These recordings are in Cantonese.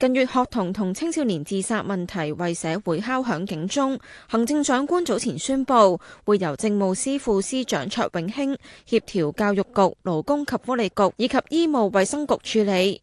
近月學童同青少年自殺問題為社會敲響警鐘，行政長官早前宣布會由政務司副司長卓永興協調教育局、勞工及福利局以及醫務衛生局處理。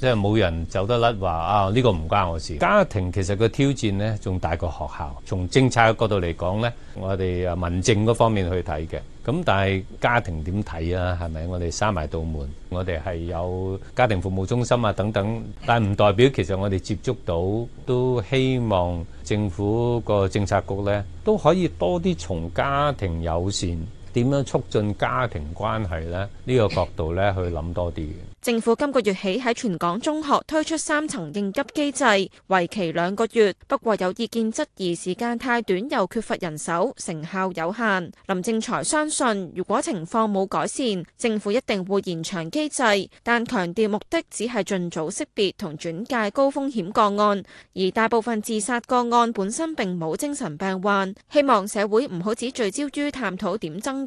即係冇人走得甩話啊，呢個唔關我事。家庭其實個挑戰咧，仲大過學校。從政策角度嚟講呢，我哋啊民政嗰方面去睇嘅。咁但係家庭點睇啊？係咪我哋閂埋道門？我哋係有家庭服務中心啊等等。但係唔代表其實我哋接觸到都希望政府個政策局呢都可以多啲從家庭友善。點樣促進家庭關係呢？呢個角度呢，去諗多啲嘅。政府今個月起喺全港中學推出三層應急機制，為期兩個月。不過有意見質疑時間太短，又缺乏人手，成效有限。林正財相信，如果情況冇改善，政府一定會延長機制，但強調目的只係盡早識別同轉介高風險個案。而大部分自殺個案本身並冇精神病患，希望社會唔好只聚焦於探討點增。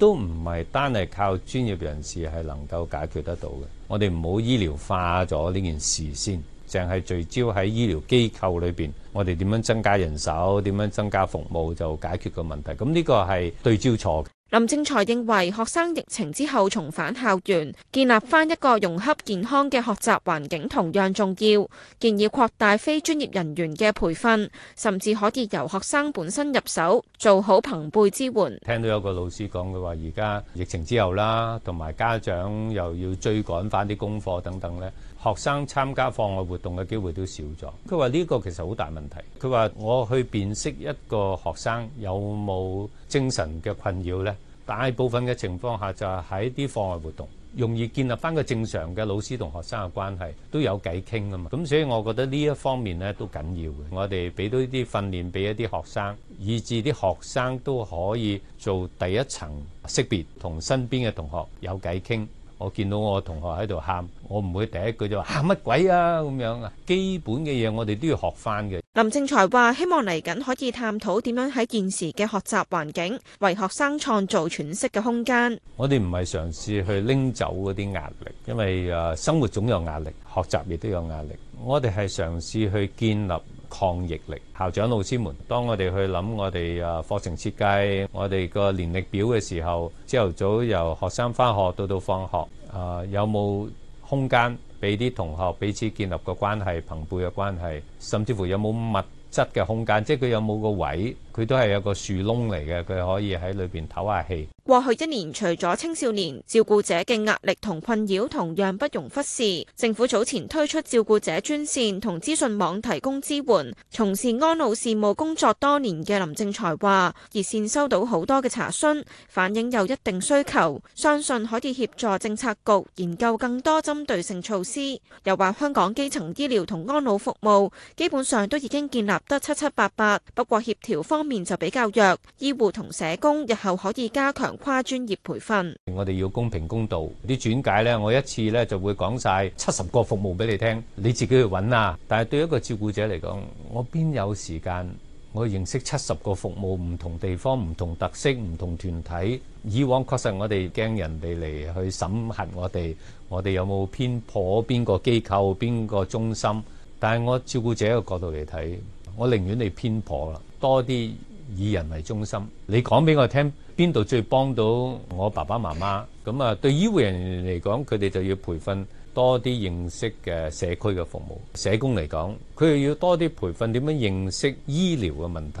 都唔係單係靠專業人士係能夠解決得到嘅，我哋唔好醫療化咗呢件事先，淨係聚焦喺醫療機構裏邊，我哋點樣增加人手，點樣增加服務就解決個問題。咁，嗯，呢個係對焦錯。林正財認為，學生疫情之後重返校園，建立翻一個融洽健康嘅學習環境同樣重要。建議擴大非專業人員嘅培訓，甚至可以由學生本身入手，做好朋輩支援。聽到有個老師講，佢話而家疫情之後啦，同埋家長又要追趕翻啲功課等等咧。學生參加課外活動嘅機會都少咗，佢話呢個其實好大問題。佢話我去辨識一個學生有冇精神嘅困擾呢？大部分嘅情況下就係喺啲課外活動，容易建立翻個正常嘅老師同學生嘅關係，都有偈傾啊嘛。咁所以我覺得呢一方面呢都緊要嘅，我哋俾到啲訓練俾一啲學生，以至啲學生都可以做第一層識別，同身邊嘅同學有偈傾。我見到我同學喺度喊，我唔會第一句就話喊乜鬼啊咁樣。基本嘅嘢我哋都要學返嘅。林正財話：希望嚟緊可以探討點樣喺現時嘅學習環境為學生創造喘息嘅空間。我哋唔係嘗試去拎走嗰啲壓力，因為誒生活總有壓力，學習亦都有壓力。我哋係嘗試去建立。抗逆力，校長老師們，當我哋去諗我哋誒課程設計，我哋個年曆表嘅時候，朝頭早由學生返學到到放學，誒、啊、有冇空間俾啲同學彼此建立個關係，朋輩嘅關係，甚至乎有冇物質嘅空間，即係佢有冇個位？佢都係有個樹窿嚟嘅，佢可以喺裏邊唞下氣。過去一年，除咗青少年，照顧者嘅壓力同困擾同樣不容忽視，政府早前推出照顧者專線同資訊網提供支援。從事安老事務工作多年嘅林正財話，熱線收到好多嘅查詢，反映有一定需求，相信可以協助政策局研究更多針對性措施。又話香港基層醫療同安老服務基本上都已經建立得七七八八，不過協調方。方面就比較弱，醫護同社工日後可以加強跨專業培訓。我哋要公平公道啲轉介咧，我一次咧就會講晒七十個服務俾你聽，你自己去揾啊，但係對一個照顧者嚟講，我邊有時間？我認識七十個服務，唔同地方、唔同特色、唔同團體。以往確實我哋驚人哋嚟去審核我哋，我哋有冇偏頗邊個機構、邊個中心？但係我照顧者個角度嚟睇，我寧願你偏頗啦。多啲以人為中心，你講俾我聽邊度最幫到我爸爸媽媽，咁啊？對醫護人員嚟講，佢哋就要培訓多啲認識嘅社區嘅服務，社工嚟講，佢又要多啲培訓點樣認識醫療嘅問題。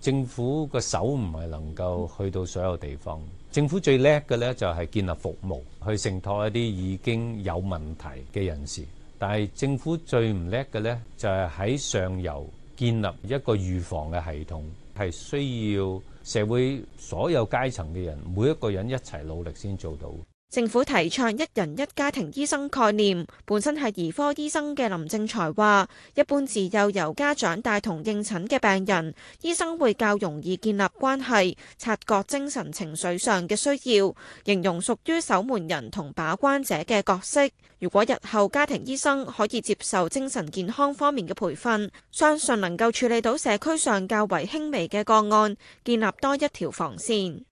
政府個手唔係能夠去到所有地方。政府最叻嘅呢就係建立服務，去承托一啲已經有問題嘅人士。但係政府最唔叻嘅呢就係喺上游建立一個預防嘅系統，係需要社會所有階層嘅人，每一個人一齊努力先做到。政府提倡一人一家庭醫生概念，本身係兒科醫生嘅林正財話，一般自幼由、由家長帶同應診嘅病人，醫生會較容易建立關係，察覺精神情緒上嘅需要，形容屬於守門人同把關者嘅角色。如果日後家庭醫生可以接受精神健康方面嘅培訓，相信能夠處理到社區上較為輕微嘅個案，建立多一條防線。